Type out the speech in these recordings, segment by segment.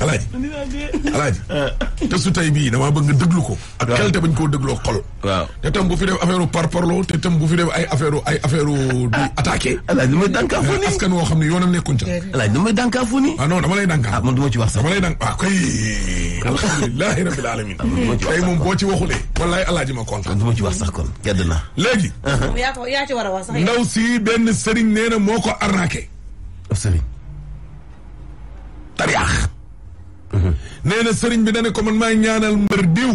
alaaji alaaji te su tay bii damaa bëgg nga déglu ko ak qualité bañ koo dégloo xol waaw te tam bu fi def affaire u parparloo te tam bu fi def ay affaire ay affaire u du ah, attaqué alaaji damay dànkaafu eh, ni askan woo xam ne yoonam nekkuñ ca alaaji damay dànkaafu ni ah non dama lay dànkaa ah man du ma ci wax sax dama lay dànk ah kay alhamdulilahi rabbil alamin ah, tey moom boo ci waxulee wallaay alaaji ma kontaan du ma ci wax sax kon gedd na léegi uh-huh. yaa ci war a wax sax ndaw si benn sëriñ nee na moo ko arnaqué sëriñ tariyaax nee na sëriñ bi dana ko man maa ñaanal mbër diw.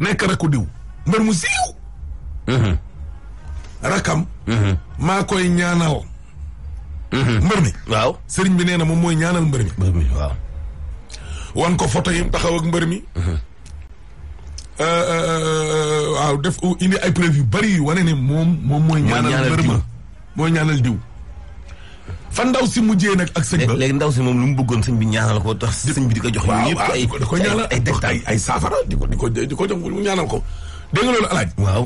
nekk rakku diw mbër mu siiw. rakam. maa koy ñaanal. mbër mi sëriñ bi nee na moom mooy ñaanal mbër mi. mbër waaw. wan ko photo yi taxawak mbër mi. Euh, euh, euh, waaw def indi ay preuve yu bari yu wane ne moom moom mooy. ñaanal mbër ma mooy ñaanal diw. fa ndaw si mujjee nag ak sëñ ba léegi ndaw si moom lu mu bëggoon sëñ bi ñaanal ko tax sëñ bi di ko jox yëpp ay di ko ñaanal ay ay ay saafara di ko di ko di ko jox mu ñaanal ko dégg nga loolu alaaj waaw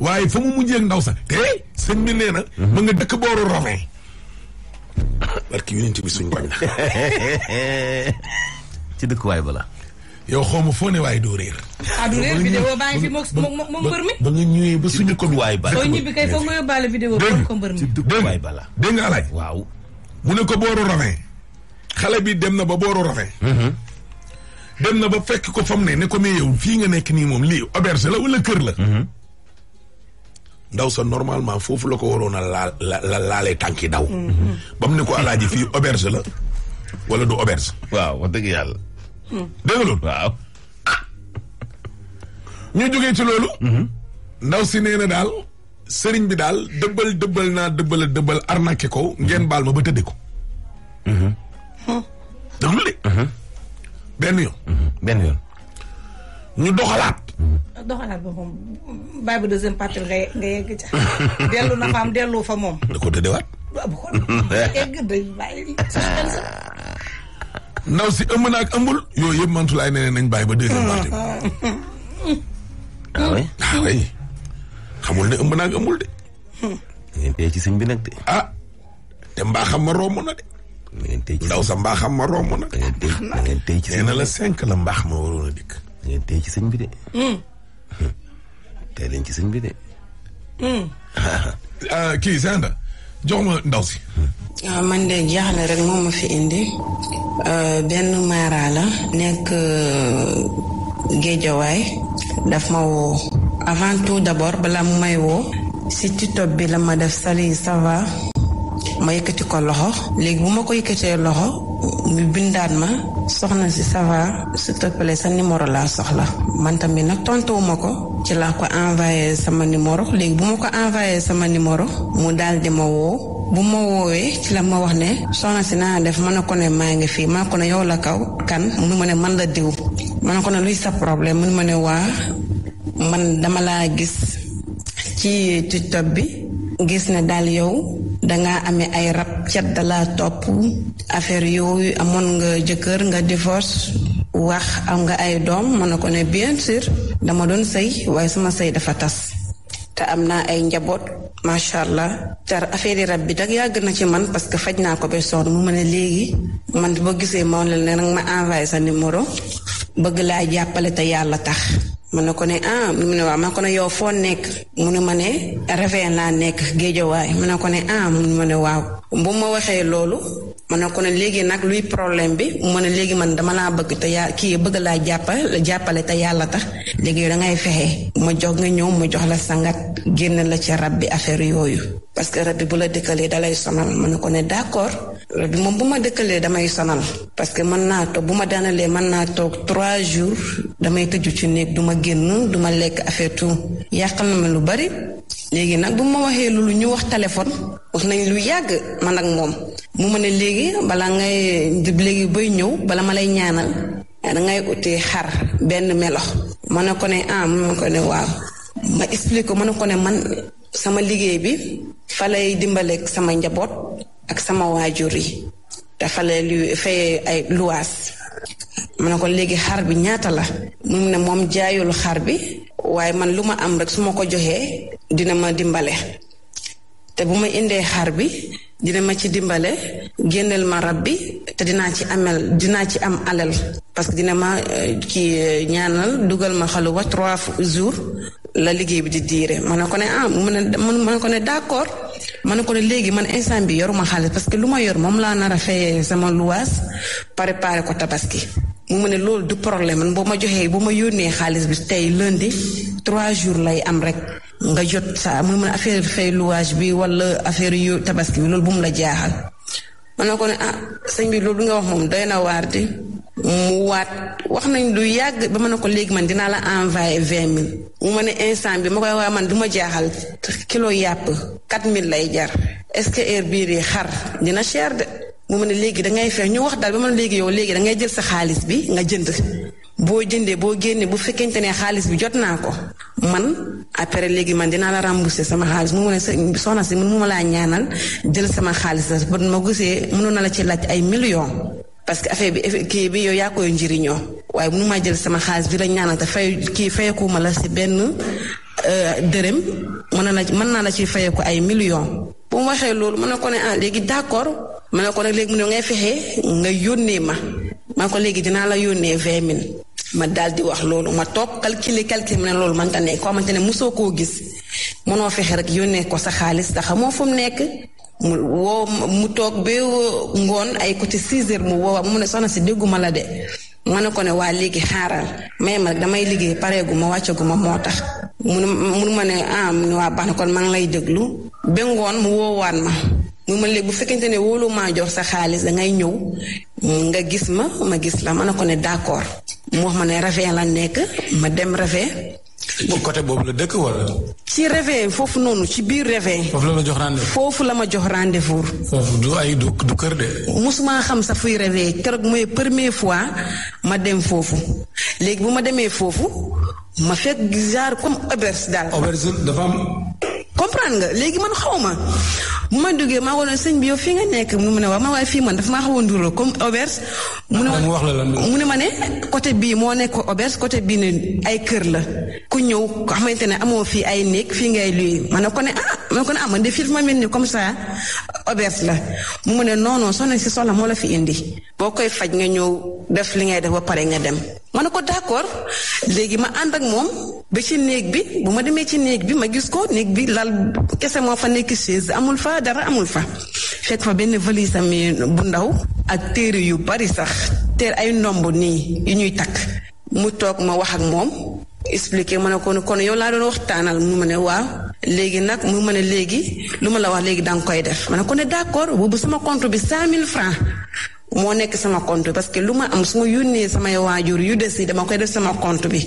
waaye foo mu mujjee ndaw sax te sëñ bi nee na ma mhm. nga dëkk booru Rovin barki yonent bi suñ bañ ci dëkkuwaay bala yow xaw ma foo ne waaye doo réer. ah du réer vidéo baa ngi fi moom ba nga ñëwee ba suñu ko waay ba soo ñibbi kay foog nga yóbbaale vidéo ba nga xale bi dem na ba booru rafet. Mm-hmm. dem na ba fekk ko fam ne ne ko mais yow fii nga nekk nii moom lii auberge la wala kër la. Mm-hmm. ndaw sa normalement foofu la ko waroon a laal laalee tànki daw. Mm-hmm. ba mu ne ko alaaji fii auberge la wala du auberge. waaw wax dëgg yàlla. dégg loolu waaw ñu jógee ci loolu mhm. ndaw si nee na daal sëriñ bi daal dëbbal dëbbal naa dëbbal a dëbbal arnaqué ko ngeen mhm. baal ma ba tëddee ko mhm. déglu de benn yoon benn yoon ñu doxalaat doxalaat ba moom bàyyi bu deuxième partie nga nga yegg ca dellu na fa dellu fa moom da ko tëddewaat ba ndaw si ëmb na ak ëmbul yooyu yëpp Mantoulaye nee nañ bàyyi ba deuxième partie ah ah ne ëmb na ak ëmbul de. ci sëñ bi nag de. ah te mbaaxam ma romb na de. ci ndaw sa mbaaxam ma romb na. ngeen tey ci nee la cinq la mbaax ma waroon a ci sëñ bi de. Hmm. Hmm. tey leen ci sëñ bi de. Hmm. Ah, kii Senda. jox ndaw si. Ah, man de jaaxle rek moom ma fi indi euh, benn maara nekk euh, géejawaay daf ma woo avant tout d'abord balaa mu may woo si TikTok bi la ma def sali ça ma yëkkati ko loxo léegi bu ma ko yëkkatee loxo mu bindaat ma soxna si ça va s'il sa numéro laa soxla man tamit nag tontuwuma ko ci laa ko envoyé sama numéro léegi bu ma ko envoyé sama numéro mu daal di ma woo bu ma woowee ci la ma wax ne soxna si naa def mën na ko ne maa ngi fii mën na ko ne yow la kaw kan mu ma ne man la diw mën na ko ne luy sa problème mun ma ne waa man dama laa gis ci ci bi gis ne daal yow dangaa amee ay rab cat dala topp affaire yooyu amoon nga jëkkër nga divorce wax am nga ay doom mën na ko ne bien sûr dama doon sëy waaye suma sëy dafa tas te am naa ay njaboot macha allah te affaire rab bi dag yàgg na ci man parce que faj naa ko ba sonn mu mane ne léegi man boo gisee moom la ne nag ma envoyé sa numéro bëgg laa jàppale te yàlla tax man na ko ne ah mu ne waaw man na ko ne yow foo nekk mu ne ma ne Ravin naa nekk géejawaay man na ko ne ah mu ma ne waaw bu ma waxee loolu man na ko ne léegi nag luy problème bi mu ne léegi man dama laa bëgg te yaa kii bëgg laa jàppale jàppale te yàlla tax léegi da ngay fexe ma jox nga ñëw ma jox la sangat génn la ci rab bi affaire yooyu parce que rab bi bu la dëkkalee dalay sonal man na ko ne d'accord moom bu ma dëkkalee damay sonal parce que mën naa toog bu ma daanalee man naa toog trois jours damay tëju ci néeg duma ma génn du lekk affaire tout yàqal na ma lu bari léegi nag bu ma waxee lu ñu wax téléphone wax nañ lu yàgg man ak moom mu ma ne léegi balaa ngay léegi bay ñëw bala ma lay ñaanal dangay ute xar benn melo ma ne ko ne ah ma ko ne waaw ma expliqué ko ma na ko ne man sama liggéey bi fa lay dimbaleek sama njaboot sama waajur yi dafa la lu fay ay luwaas ma ne ko léegi xar bi ñaata la mu ne moom jaayul xar bi waaye man lu ma am rek su ma ko joxee dina ma dimbale te bu ma indee xar bi dina ma ci dimbale génneel ma rab bi te dinaa ci amel dinaa ci am alal parce que dina ma ci euh, euh, ñaanal dugal ma xaluwa trois jours la liggéey bi di diire man ne ko ne ah man ne ko ne d'accord ma ne ko ne léegi man instant bi yoruma xaalis parce que lu ma yor moom laa nara a sama luwaas préparé ko tabaski mu ne loolu du problème man boo ma joxee bu ma yónnee xaalis bi tey lundi trois jours lay am rek nga jot saa mu ne affaire fay luwaas bi wala affaire yu tabaski bi loolu bu mu la jaaxal ma ne ko ne ah sëñ bi loolu nga wax moom doy na waar di mu waat wax nañ du yàgg ba ma ne ko léegi man dinaa la envoyé vingt mille mu ma ne instant bi ma koy waa man du ma jaaxal kilo yàpp quatre mille lay jar est-ce que heure bii xar dina cher mu ma ne léegi dangay feex ñu wax daal ba léegi yow léegi dangay jël sa xaalis bi nga jënd boo jëndee boo génnee bu fekkente ne xaalis bi jot naa ko man après léegi man dinaa la rembourser sama xaalis mu ma ne soxna si mun mu ma laa ñaanal jël sama xaalis la ma gisee mënoon na la ci laaj ay millions parce que affaire bi kii bi yow yaa koy njëriñoo waaye mënu ma jël sama xaalis bi la ñaanal te fay kii fayeku ma la si benn euh, dërëm mën na la mën naa la ci fayeku ay millions. bu mu waxee loolu man na ko ne ah léegi d'accord man na ko ne léegi mu ngay fexe nga yónnee ma man ko léegi dinaa la yónnee vingt mille ma daal di wax loolu ma toog calculer calculer mu ne loolu man ta ne koo xamante ne mosoo koo gis mënoo fexe rek yónnee ko sa xaalis te moo fu mu nekk. mu woo mu toog ba ngoon ay côté six heures mu woo mu ne soxna si dégguma la de ma ne ko ne waa léegi xaaral may ma damay liggéey pareegu ma wàccagu ma moo tax mun mun ma ne ah mu ne waa kon maa lay déglu ba ngoon mu woowaan ma mu ma léegi bu fekkente ne woolu maa jox sa xaalis dangay ñëw nga gis ma ma gis la ma ne ko ne d'accord mu wax ma ne rafet la nekk ma dem rafet côté boobu la dëkk wala. ci réveil foofu noonu ci biir réveil. foofu la ma jox rendez foofu la ma jox rendez-vous. foofu du ay du du kër de. musuma xam sax fuy réveil keroog mooy première fois ma dem foofu léegi bu ma demee foofu ma fekk genre comme auberge daal. auberge dafa am. comprendre nga léegi man xaw ma bu ma duggee maa ko sëñ bi fii nga nekk mu ne waaw ma waaye fii man dafa ma xaw a nduróo comme auberge. mu ne ma mu ne ma ne côté bii moo nekk auberge côté bii ne ay kër la ku ñëw ko xamante ne amoo fii ay néeg fii ngay luy ma ne ko ne ah ma ne ko ne ah man de fii ma mel ni comme ça auberge la mu ma ne non non soo nekk si soxla moo la fi indi boo koy faj nga ñëw def li ngay def ba pare nga dem. ma ne ko d'accord léegi ma ànd ak moom ba ci néeg bi bu ma demee ci néeg bi ma gis ko néeg bi lal kese moo fa nekk chaise amul fa dara amul fa fekk fa benn valise mi bu ndaw ak téere yu bari sax téer ay ndomb nii yu ñuy takk mu toog ma wax ak moom expliqué ma ne ko kon yow laa doon waxtaanal mu ma ne waaw léegi nag mu ma ne léegi lu ma la wax léegi danga koy def ma ne ko ne d'accord boobu sama compte bi cent mille francs moo nekk sama compte bi parce que lu ma am su ma yónnee samay waajur yu des yi dama koy def sama compte bi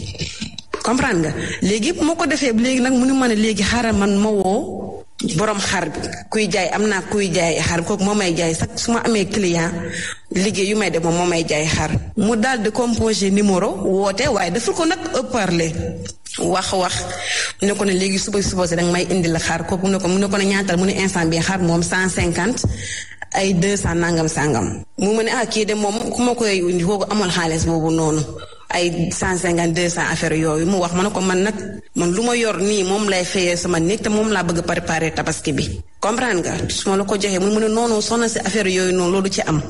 comprendre nga léegi bu ma ko defee léegi nag mënu ma ne léegi xaaral man ma woo borom xar bi kuy jaay am naa kuy jaay xar kooku moo may jaay sax su ma amee client liggéey yu may def moom moo may jaay xar mu daal di composé numéro woote waaye deful ko nag ëpparle wax wax mu ne ko ne léegi suba suba danga may indi la xaar kooku mu ne ko mu ne ko ne ñaatal mu ne instant bi xaar moom cent cinquante ay deux cent nangam sangam. mu ma ne ah kii de moom ku ma koy indi kooku amul xaalis boobu noonu ay cent cinquante deux cent affaire yooyu mu wax ma ne ko man nag man lu ma yor nii moom lay fayee sama néeg te moom laa bëgg préparer tabaski bi. comprendre nga su ma la ko joxee mu ne noonu soxna si affaire yooyu noonu loolu ci am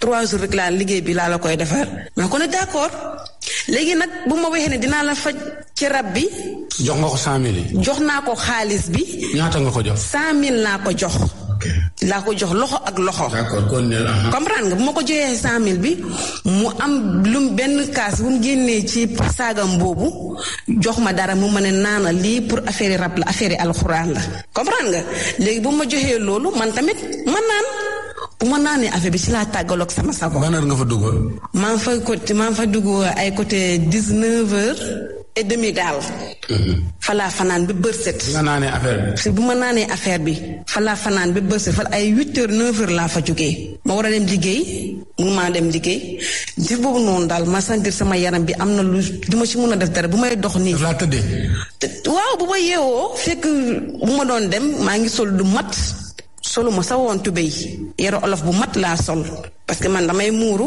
trois jours rek laa liggéey bi laa la koy defar ma ko d'accord. léegi nag bu ma waxee ne dinaa la faj ci rab bi. jox nga ko cent mille. jox naa ko xaalis bi. ñaata nga ko jox. cent mille laa ko jox. laa ko jox loxo ak loxo. d'accord kon nga bu ma ko joxee cent mille bi mu am lum benn kaas bu mu génnee ci saagam boobu jox ma dara mu ma ne naana lii pour affaire rab la affaire alxuraan la comprendre nga léegi bu ma joxee loolu man tamit ma naan. bu ma naanee affaire bi ci laa tàggaloog sama sago. maanaam nga fa dugg. maa fa côté maa fa dugg ay côté dix neuf heures et demi daal. fa fanaan ba bërset. bu ma naanee affaire bi. bu ma bi fa fanaan ba bërset fa ay huit heures neuf heures laa fa jóge ma war a dem liggéey mu maa dem liggéey def boobu noonu daal ma sentir sama yaram bi am na lu du ma ci mun a def dara bu may dox nii. daf laa tëddee. waaw bu ma yeewoo fekk bu ma doon dem maa ngi sol du mat. soluma ma sa woon tubéy yero olof bu mat laa sol parce que man damay muuru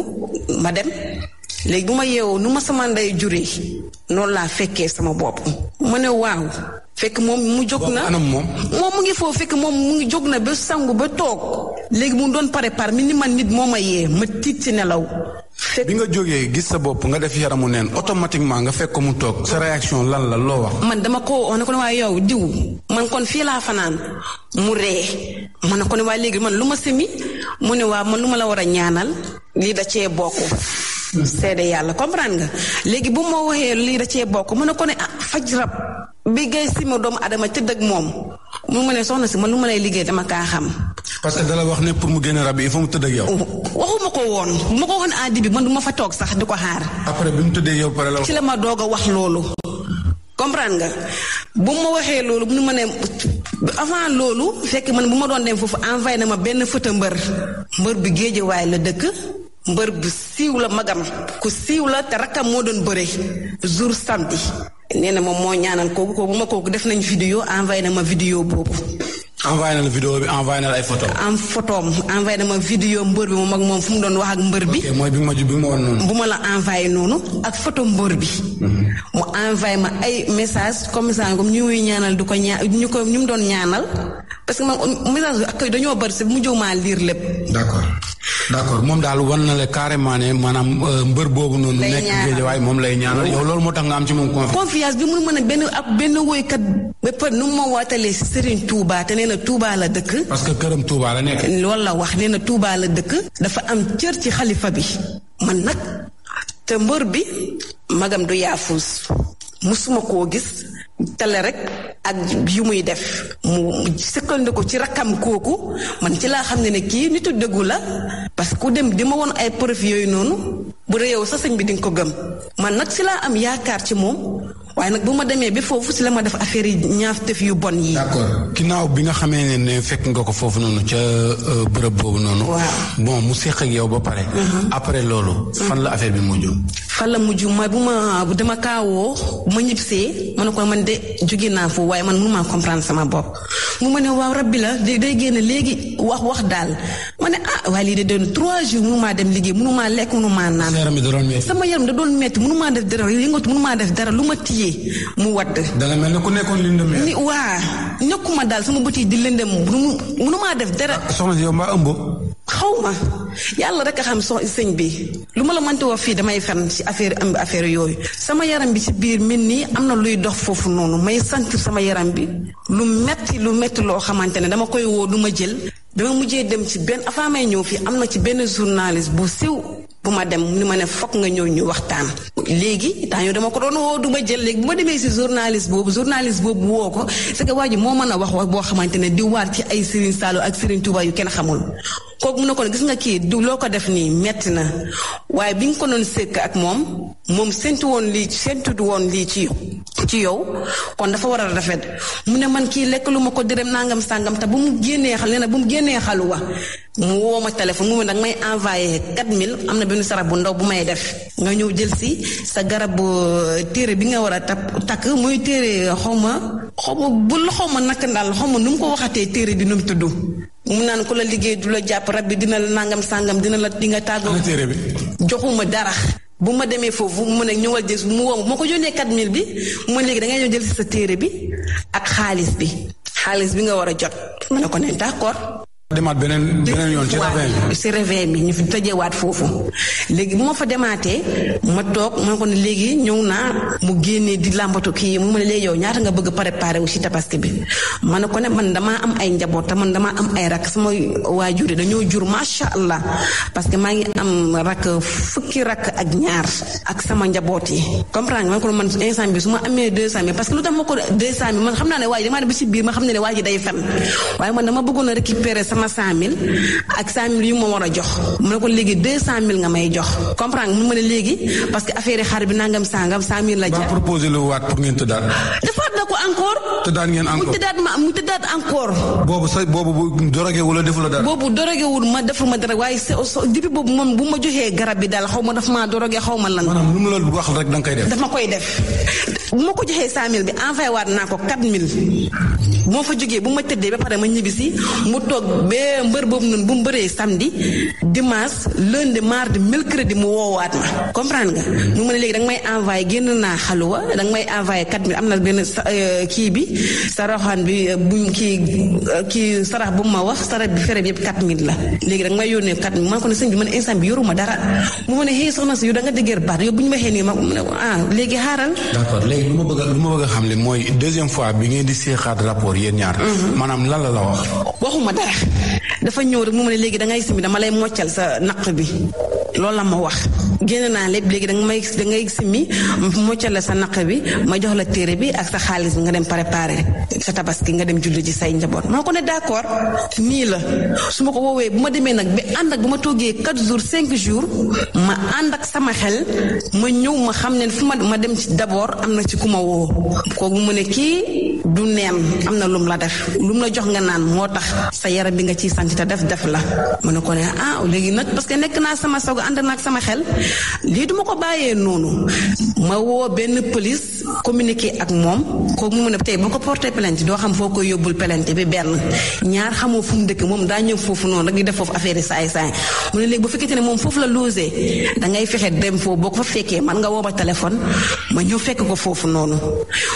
ma dem léegi bu ma yeewoo nu ma sama ndey juree noonu laa fekkee sama bopp ma ne waaw fekk moom mu jóg na anam moom. moom mu ngi foofu fekk moom mu ngi jóg na ba sangu ba toog. léegi mu doon pare par mi ni man nit moo ma yee ma tiit ci nelaw. bi nga jógee gis sa bopp nga def yaramu neen automatiquement nga fekk ko mu toog sa réaction lan la loo wax. man dama ko wax ne ko ne waaye yow diw man kon fii laa fanaan mu ree man ne ko ne waaye léegi man lu ma semi mu ne waa man lu ma la war a ñaanal lii da cee bokk. seede yàlla comprendre nga léegi bu ma waxee lii da cee bokk mu ne ko ne ah faj rab bi ngay sima doomu adama ca ak moom mu ma ne soxna si man lu ma lay liggéey dama kaa xam. parce que dala wax ne pour mu génne rab yi il mu tëdd ak yow. waxuma ko woon ma ko woon aadi bi man du ma fa toog sax di ko xaar. bi mu tëddee yow pare la. ci la doog a wax loolu. comprendre nga bu ma waxee loolu mu ma ne avant loolu fekk man bu ma doon dem foofu envoyé na ma benn fëtë mbër mbër bi géejewaay la dëkk. mbër bu siiw la magam ku siiw la te rakkam moo doon bëre jour samedi nee na moom moo ñaanal kooku kooku ma kooku def nañ vidéo envoyé na ma vidéo boobu. envoyé na la vidéo bi envoyé na la ay photo am photom envoyé ma vidéo mbër bi moom ak moom fu mu doon wax ak mbër bi. mooy bi ma bi ma noonu. bu ma la envoyé noonu ak photo mbër bi. Mhm. mu envoyé ma ay message comme ça comme ñaanal du ko ñaa ñu ko ñu mu doon ñaanal parce que man message bi ak dañoo bëri si mu jóg maa liir lépp. d'accord. d' accord moom daal wan na la carrément ne maanaam euh, mbër boobu noonu. nekk géejawaay moom lay ñaanal yow loolu moo tax nga am ci moom confiance. confiance bi mu mën a benn ak benn woykat. ba pare nu mu ma waatalee si Serigne Touba dëkk. parce que këram Touba la nekk. loolu la wax nee na Touba la dëkk. dafa am cër ci xalifa bi. man nag te mbër bi. magam du yaafus. musuma koo gis. tale rek ak yu muy def mu sëkkal na ko ci rakkam kooku man ci laa xam ne ne kii nitu dëggu la parce que ku dem di ma woon ay preuve yooyu noonu bu dee yow sa sëñ bi di nga ko gëm man nag si laa am yaakaar ci moom waaye nag bu ma demee ba foofu si la ma def affaire yi ñaaf tëf yu bon yi. d'accord ginnaaw bi nga xamee ne ne fekk nga ko foofu noonu ca euh, bërëb boobu noonu. bon mu seq yow ba pare. Mhm. après loolu. fan la affaire bi mujj. fan la mujj ma bu ma dama kaawoo de jóge naa foofu waaye man mënumaa comprendre sama bopp mu ma ne waaw rab bi la day génn léegi wax wax daal ma ne ah waaye lii de doon trois jours mënumaa dem liggéey mënumaa lekk mënumaa naan sama yaram da doon metti mënumaa def dara yëngatu mënumaa def dara lu ma tiyee mu wadd danga mel ne ku nekkoon lëndëm ni waa nekkuma daal sama bët yi di lëndëm mënumaa def dara ah, soxna si yow mbaa ëmb xaw ma yàlla rek a xam soo sëñ bi lu ma la mante wax fii damay fen ci affaire am affaire yooyu sama yaram bi ci biir mel nii am na luy dox foofu noonu may sentir sama yaram bi lu metti lu metti loo xamante ne dama koy woo du ma jël dama mujjee dem ci benn avant may ñëw fii am na benn journaliste bu siw bu ma dem ni ma ne fokk nga ñëw ñu waxtaan léegi temps yow dama ko doon woo du ma jël léegi bu ma demee si journaliste boobu journaliste boobu woo ko c'est que waa ji moo mën a wax boo xamante ne di waar ci ay Serigne Saliou ak Serigne Touba yu kenn xamul kooku mun na ko gis nga kii du loo ko def nii metti na waaye bi nga ko doon sëkk ak moom moom séntu woon lii séntu woon lii ci ci yow kon dafa war a rafet mu ne man kii lekk lu ma ko dërëm nangam sàngam bu mu génnee xal nee na bu mu génnee xaluwa mu woo ma téléphone mu ne nag may envoyé 4000 am na benn sarab bu ndaw bu may def nga ñëw jël si sa garabu euh, téere bi nga war a tap takk muy téere xaw ma xaw ma bul xaw ma nakk ndaal xaw ma nu mu ko waxatee téere bi nu mu tudd mu naan ku la liggéey du la jàpp rab bi dina la nangam sàngam dina la di nga tàggoo joxuma dara bu ma demee foofu mu ne ñëwal jël mu woo ma ko yónnee 4000 bi mu léegi da ngay ñëw jël sa téere bi ak xaalis bi xaalis bi nga war a jot ma ne ko ne d'accord demaat beneen beneen yoon ci réveil bi si réveil bi ñu fi tëjewaat foofu léegi bu ma fa demaatee ma toog ma ko ne léegi ñëw naa mu génnee di làmbatu kii mu ne léegi yow ñaata nga bëgg préparé wu si tabaski bi ma ne ko ne man damaa am ay njaboot te man damaa am ay rakk sama waajur yi dañoo jur macha allah parce que maa ngi am rakk fukki rakk ak ñaar ak sama njaboot yi comprendre nga ma ko man bi su ma amee deux cent mille parce que lu tax ma ko deux cent man xam naa ne waaye damaa ne ba si biir ma xam ne ne waa ji day fen waaye man dama bëggoon récupérer sama ma cent mille ak cent yu ma war a jox mu ne ko léegi deux cent nga may jox comprendre mu ma ne léegi parce que affaire yi xar bi nangam sangam cent mille la jar. ba proposé lu waat pour ngeen tëddaat. tëddaat na ko encore. tëddaat ngeen encore mu tëddaat ma mu tëddaat encore. boobu sa boobu dorogewul la deful la dara. boobu dorogewul ma deful ma dara waaye sa depuis boobu moom bu ma joxee garab bi daal xaw ma daf maa doroge xaw ma lan. maanaam lu mu koy def. daf ma koy def bu ma ko joxee bi envoyé waat naa ko 4000. bu ma fa jógee bu ma tëddee ba pare ma ñibbisi mu toog ba mbër boobu noonu bu mbëree samedi dimanche lundi mardi mercredi mu woowaat ma comprendre nga. mu ma ne léegi danga may envoyé génn naa xaluwa danga may envoyé 4000 am na benn Euh, kii bi saraxaan bi euh, bu kii euh, kii sarax bu ma wax sarax bi fere bi yëpp 4000 la léegi nag may yónnee 4000 man ko ne sëñ bi man instant bi yoruma dara mu ma ne xëy soxna da nga dëgër baat yow bu ñu waxee nii ma mu ne ah léegi xaaral. d'accord bëgg a a xam ne mooy deuxième fois bi ngeen di seexaat rapport yéen ñaar. Mhm. maanaam lan la la wax. waxuma dara dafa ñëw rek mu ma ne léegi da ngay simi dama lay moccal sa naq bi. loolu la ma wax génn naa lépp léegi danga may da ngay simmi moccal la sa naq bi ma jox la téere bi ak sa xaalis bi nga dem préparer sa tabaski nga dem julli ci say njaboot ma ko ne d'accord nii la su ma ko woowee bu ma demee nag bi ànd bu ma toogee quatre jours cinq jours ma ànd ak sama xel ma ñëw ma xam ne fu ma ma dem ci d'abord am na ci ku ma woo kooku mu ne kii du neen am na lum la def lum la jox nga naan moo tax sa yaram bi nga ciy sant te def def la ma ne ko ne ah léegi nag parce nekk naa sama sago ànd naag sama xel lii duma ko bàyyee noonu ma woo benn police communiquer ak moom kooku mu mën a tey boo ko porté plainte doo xam foo koy yóbbul plainte bi benn ñaar xamoo fu mu dëkk moom daa ñëw foofu noonu rek di def foofu affaire yi saay ko fa fekkee man nga woo ma téléphone ma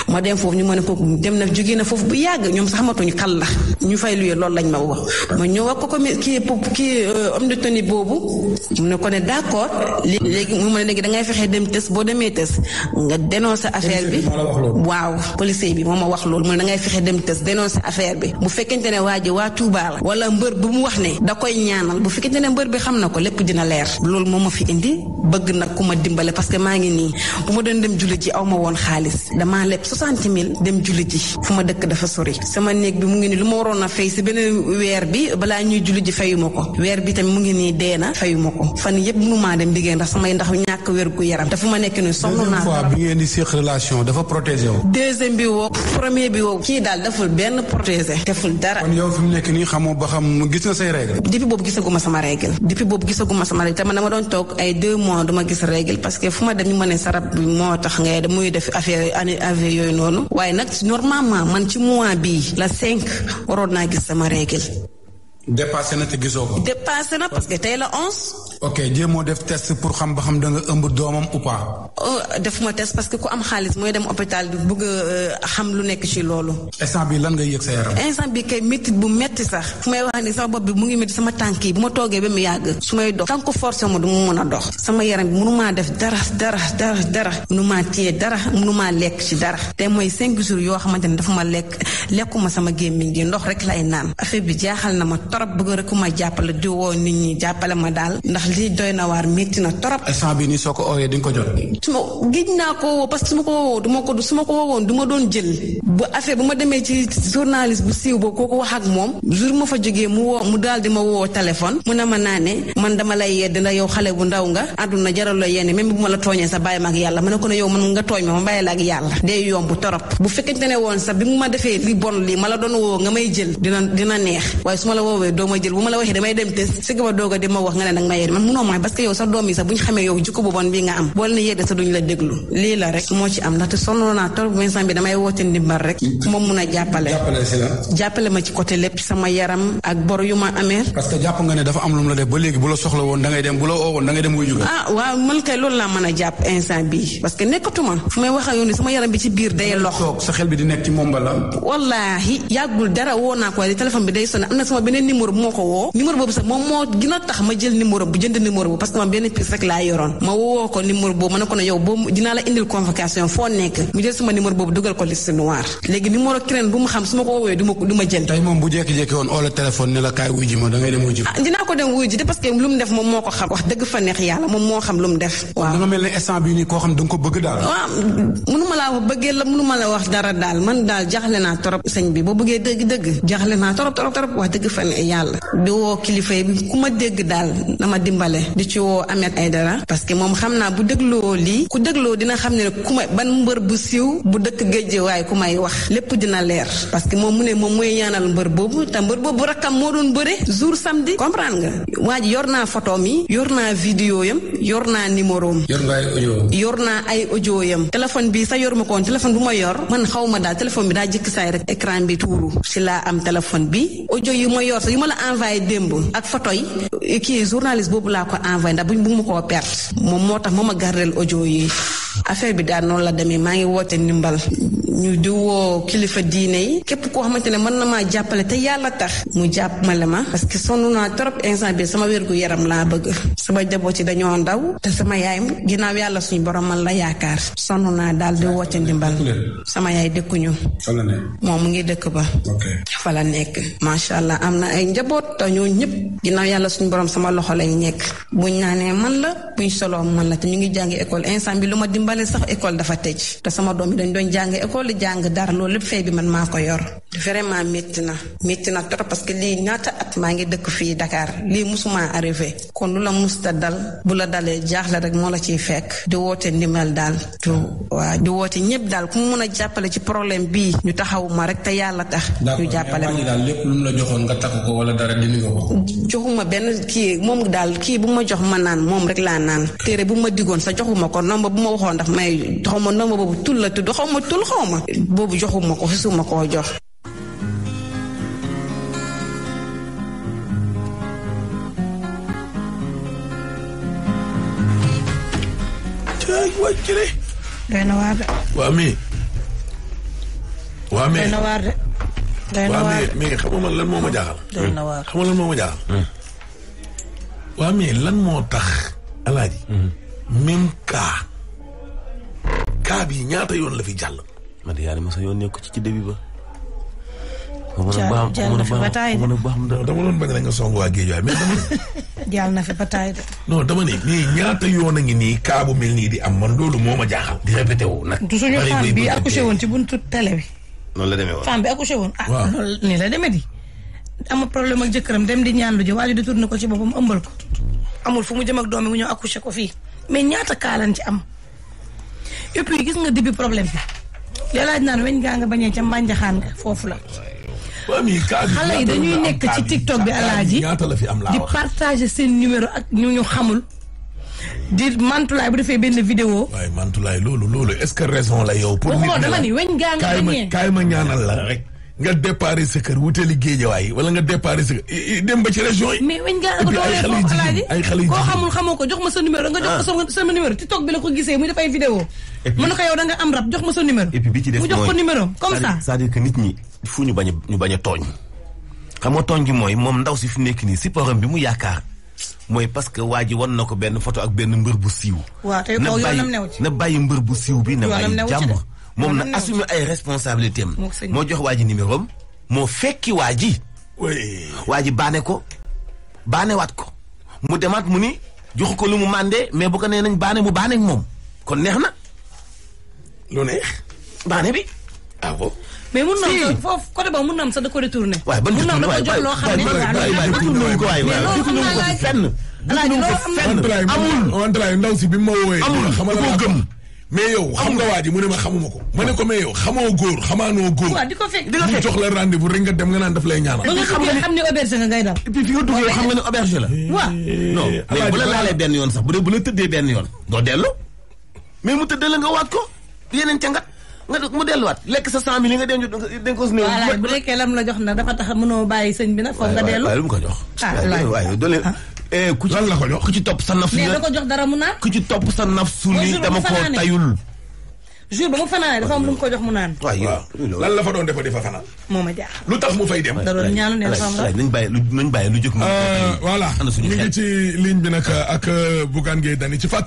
ma dem foofu ñu ma ne kooku dem na jógee na foofu bu yàgg ñoom sax xamatuñu kan la ñu fay luyee loolu lañ ma wax ma ñëw wax ko ko kii kii euh, homme de tenue boobu mu ne ko ne d'accord léegi mu ma ne léegi dangay fexe dem tës boo demee tës nga dénoncé affaire bi waaw policier bi moom ma wax loolu mu ne da ngay fexe dem tës dénoncer affaire bi bu fekkente ne waa ji waa Touba la wala mbër bu mu wax ne da koy ñaanal bu fekkente ne mbër bi xam na ko lépp dina leer loolu moo ma fi indi bëgg nag ku ma dimbale parce que maa ngi nii bu ma doon dem julli ji aw ma woon xaalis damaa leb soixante mille dem julli ji fu ma dëkk dafa sori sama néeg bi mu ngi nii lu ma waroon a fay si beneen weer bi balaa ñuy julli ji fayuma ko weer bi tamit mu ngi nii dee na fayuma ko fan yëpp mënumaa dem liggéey ndax samay ndax ñàkk wér gu yaram dafa ma nekk vaccination dafa protégé wu. deuxième bi woo premier bi woo kii daal deful benn protégé. deful dara kon yow fi mu nekk nii xamoo ba xam gis na say règle. depuis boobu gisaguma sama règle. depuis boobu gisaguma sama règle tamit dama doon toog ay deux mois duma gis règle parce que fu ma dem ñu ma ne sarab bi moo tax ngay dem muy def affaire année affaire yooyu noonu. waaye nag normalement man ci mois bii la cinq waroon naa gis sama règle. dépassé na te gisoo ko. dépassé na parce que tey la onze. ok jéemoo def test pour xam ba xam da nga ëmb doomam ou oh, def ma test parce que ku am xaalis mooy dem hôpital bi bëgg a euh, xam lu nekk ci loolu. instant bi lan nga yëg sa yaram. instant bi kay métti bu métti sax. fu may wax ni sama bopp bi mu ngi métti sama tànk yi bu ma toogee ba mu yàgg. su may dox tant que forcé ma du mu mën a dox. sama yaram bi maa def dara dara dara dara. maa téye dara maa lekk ci dara. te mooy cinq jours yoo xamante ne dafa ma lekk lekkuma sama gémmiñ gi ndox rek lay naan affaire bi jaaxal na ma torop bëgg rek ku ma jàppale di woo nit ñi jàppale ma daal ndax lii doy na waar métti na torop soo ko ooyee ko jot su ma naa ko woo parce que ma ko woowoo du ma ko su ma ko woowoon du ma doon jël bu affaire bu ma demee ci journaliste bu siiw boobu kooku wax ak moom jour ma fa jógee mu woo mu daal di ma woo téléphone mu ne ma naa ne man dama lay yedd ndax yow xale bu ndaw nga àdduna jaral la yenn même bu ma la tooñee sa bàyyi ma yàlla ma ne ko ne yow man nga tooñ ma ma bàyyi la ak yàlla day yomb torop bu fekkente mu ma defee li bon lii ma la doon woo nga may jël dina dina neex waaye su ma la woowee mooy doo ma jël bu ma la waxee damay dem test si gaba doog a ma wax nga ne nag ma yedd man munoo ma parce bi a ah, a jàpp day lox sa xel bi di nekk ci moom la wallaahi yàggul dara woo naa ko waaye bi day sonn am na sama beneen numéro bu moo ko woo numéro boobu sax moom moo gën tax ma jël numéro bu jënd numéro bu parce que benn pièce rek laa yoroon ma woo ko numéro boobu ma ne ko ne yow dinaa la indil convocation foo nekk mu jël sama numéro boobu dugal ko liste léegi numéro keneen bu mu xam su ko woowee du ma jël tey moom bu jékki ah, dinaa ko dem wuy ji de parce lu mu def moom moo ko xam wax dëgg fa yàlla moom moo xam lu mu def waaw da mel ne instant yàlla di woo kilifa yi ku ma dégg daal na ma dimbale di ci woo Ahmed Aidara parce que moom xam naa bu dégloo lii ku dégloo dina xam ne ku may ban mbër bu siw bu dëkk géej waaye ku may wax lépp dina leer parce que moom mu ne moom mooy ñaanal mbër boobu te mbër boobu rakkam moo doon bëre jour samedi comprendre nga waa ji yor naa foto mi yor naa vidéo yam yor naa numéro am yor naa ay audio yam téléphone bi sa yor ma koon téléphone bu ma yor man xaw daal téléphone bi daa jëkk saay rek écran bi parce que ma la envoyé démb ak photo yi kii journaliste boobu laa ko envoyé ndax buñ bu ma koo perte moom moo tax ma ma gardel audio yi affaire bi daal noonu la demee maa ngi woote ndimbal ñu di woo kilifa diine yi képp koo xamante ne man na maa jàppale te yàlla tax mu jàpp ma la ma parce que sonn naa trop instant sama wérgu yaram laa bëgg sama jaboot yi dañoo ndaw te sama yaay ginnaaw yàlla suñu borom man la yaakaar sonn naa daal di wocc ndimbal sama yaay dëkkuñu moom mu ngi dëkk ba fa nekk macha allah am na ay njaboot te ñoo ñëpp ginnaaw yàlla suñu borom sama loxo lañ nekk buñ naanee man la buñ soloo man la te ñu ngi jàngi école instant bi lu ma dimbale sax école dafa tëj te sama doom yi dañ doon jàngi école tollu jàng dara loolu lépp fay bi man maa ko yor vraiment métti na métti na trop parce que lii ñaata at maa ngi dëkk fii Dakar lii musuma arrivé kon lu la ta dal bu la dalee jaaxle rek moo la ciy fekk di woote ndimbal daal waaw di woote ñëpp daal ku mu mën a jàppale ci problème bii ñu taxaw rek te yàlla tax ñu la joxoon benn kii moom daal kii bu ma jox ma naan moom rek laa naan téere bu ma digoon sa joxuma ko nomba bu ma waxoon ndax may xaw ma nomba boobu tul la tudd xaw ma tul xaw ma ma boobu joxuma ko xasuma koo jox. doy na waar de. waa mais. waa mais lan moo ma jaaxal. doy hmm. lan moo tax. alaaji. Hmm. même cas. cas bi ñaata yoon la jàll. Mariane ma sa yoon nekk ci ci début ba. jaal a na fi bataay de dama doon bañ rek nga song a géej waaye mais dama ne. jaal na fi bataay de. non dama ne mais ñaata yoon a ngi nii kaabu mel nii di am man loolu moo ma jaaxal. di la demee woon femme bi accouché ah, la demee di. amul problème ak jëkkëram dem di ñaan lu ji waa ji ko ci boppam ëmbal ko. amul fu mu jëm ak doom ñëw accouché ko fii mais ñaata kaa ci am et gis nga début problème bi. li laaj naan weñ gaa nga bañee ca mbànjaxaan foofu la. xale yi dañuy nekk ci tiktok bi alaaji di partager seen numéro ak ñu ñu xamul. di mantulaay bu defee benn vidéo. waaye mantulaay loolu loolu est-ce que raison la yow. pour nit dama kaay ma ñaanal la rek. nga déparé sa kër wutali géejawaay wala nga déparé sa dem ba ci région yi. mais weñ ngaa ko doolee foofu alaaji ay xale yu jigéen koo ko jox ma sa numéro nga jox ah. ko sama bi la ko gisee muy def ay vidéo na ko yow da am rab jox ma sa numéro. et bi ci def mu jox nit ñi fu ñu bañ ñu bañ a tooñ. xam nga tooñ gi mooy moom ndaw si fi nekk nii si poram bi mu yaakaar. mooy parce que waa ji wan na ko benn photo ak benn mbër bu siiw. waaw tey kaw yoonam new na bàyyi mbër bu siiw bi na bàyyi jàmbur moom na assumer ay responsabilité am moo jox waa ji numéro am moo fekki waa ji waa ji baane ko baanewaat ko mu demaat mu ni joxu ko lu mu màndee mais bu ko nee nañ baane mu baane moom kon neex na lu neex baane bi ah bon mais mun na foofu côté boobu mun na am sax da ko retourné waaye ban mun na am da ko jox loo xam ne ko fenn amul si bi ma wooyee amul xamal la gëm mais yow xam nga waa ji mu ne ma xamuma ko ma ne ko mais yow xamoo góor xamaanoo góor di ko fekk di la fekk jox la rendez-vous rek nga dem nga naan daf lay ñaanal ba ne auberge nga bu la benn yoon sax bu bu la tëddee benn yoon doo dellu mais mu tëddee la nga waat ko yeneen ca ngat nga mu delluwaat lekk sa cent mille yi nga denc dañ ko néew voilà bu lekkee lam la jox na dafa tax mënoo bàyyi sëñ bi nag foog nga dellu lu mu Eh, ku ci lan la ko jox ku ci topp sa naf. mais da ko jox dara mu naan. ku ci topp sa naf su ni dama ko tayul. jour ba mu fanaane lu mu mu naan. waaw lan la fa doon defoo defa fanaan. moo ma jaaxal lu tax mu fay dem. da doon ñaanu ne dafa am la nañ bàyyi lu nañ euh, bi nag ak Bougane Gueye Dany ci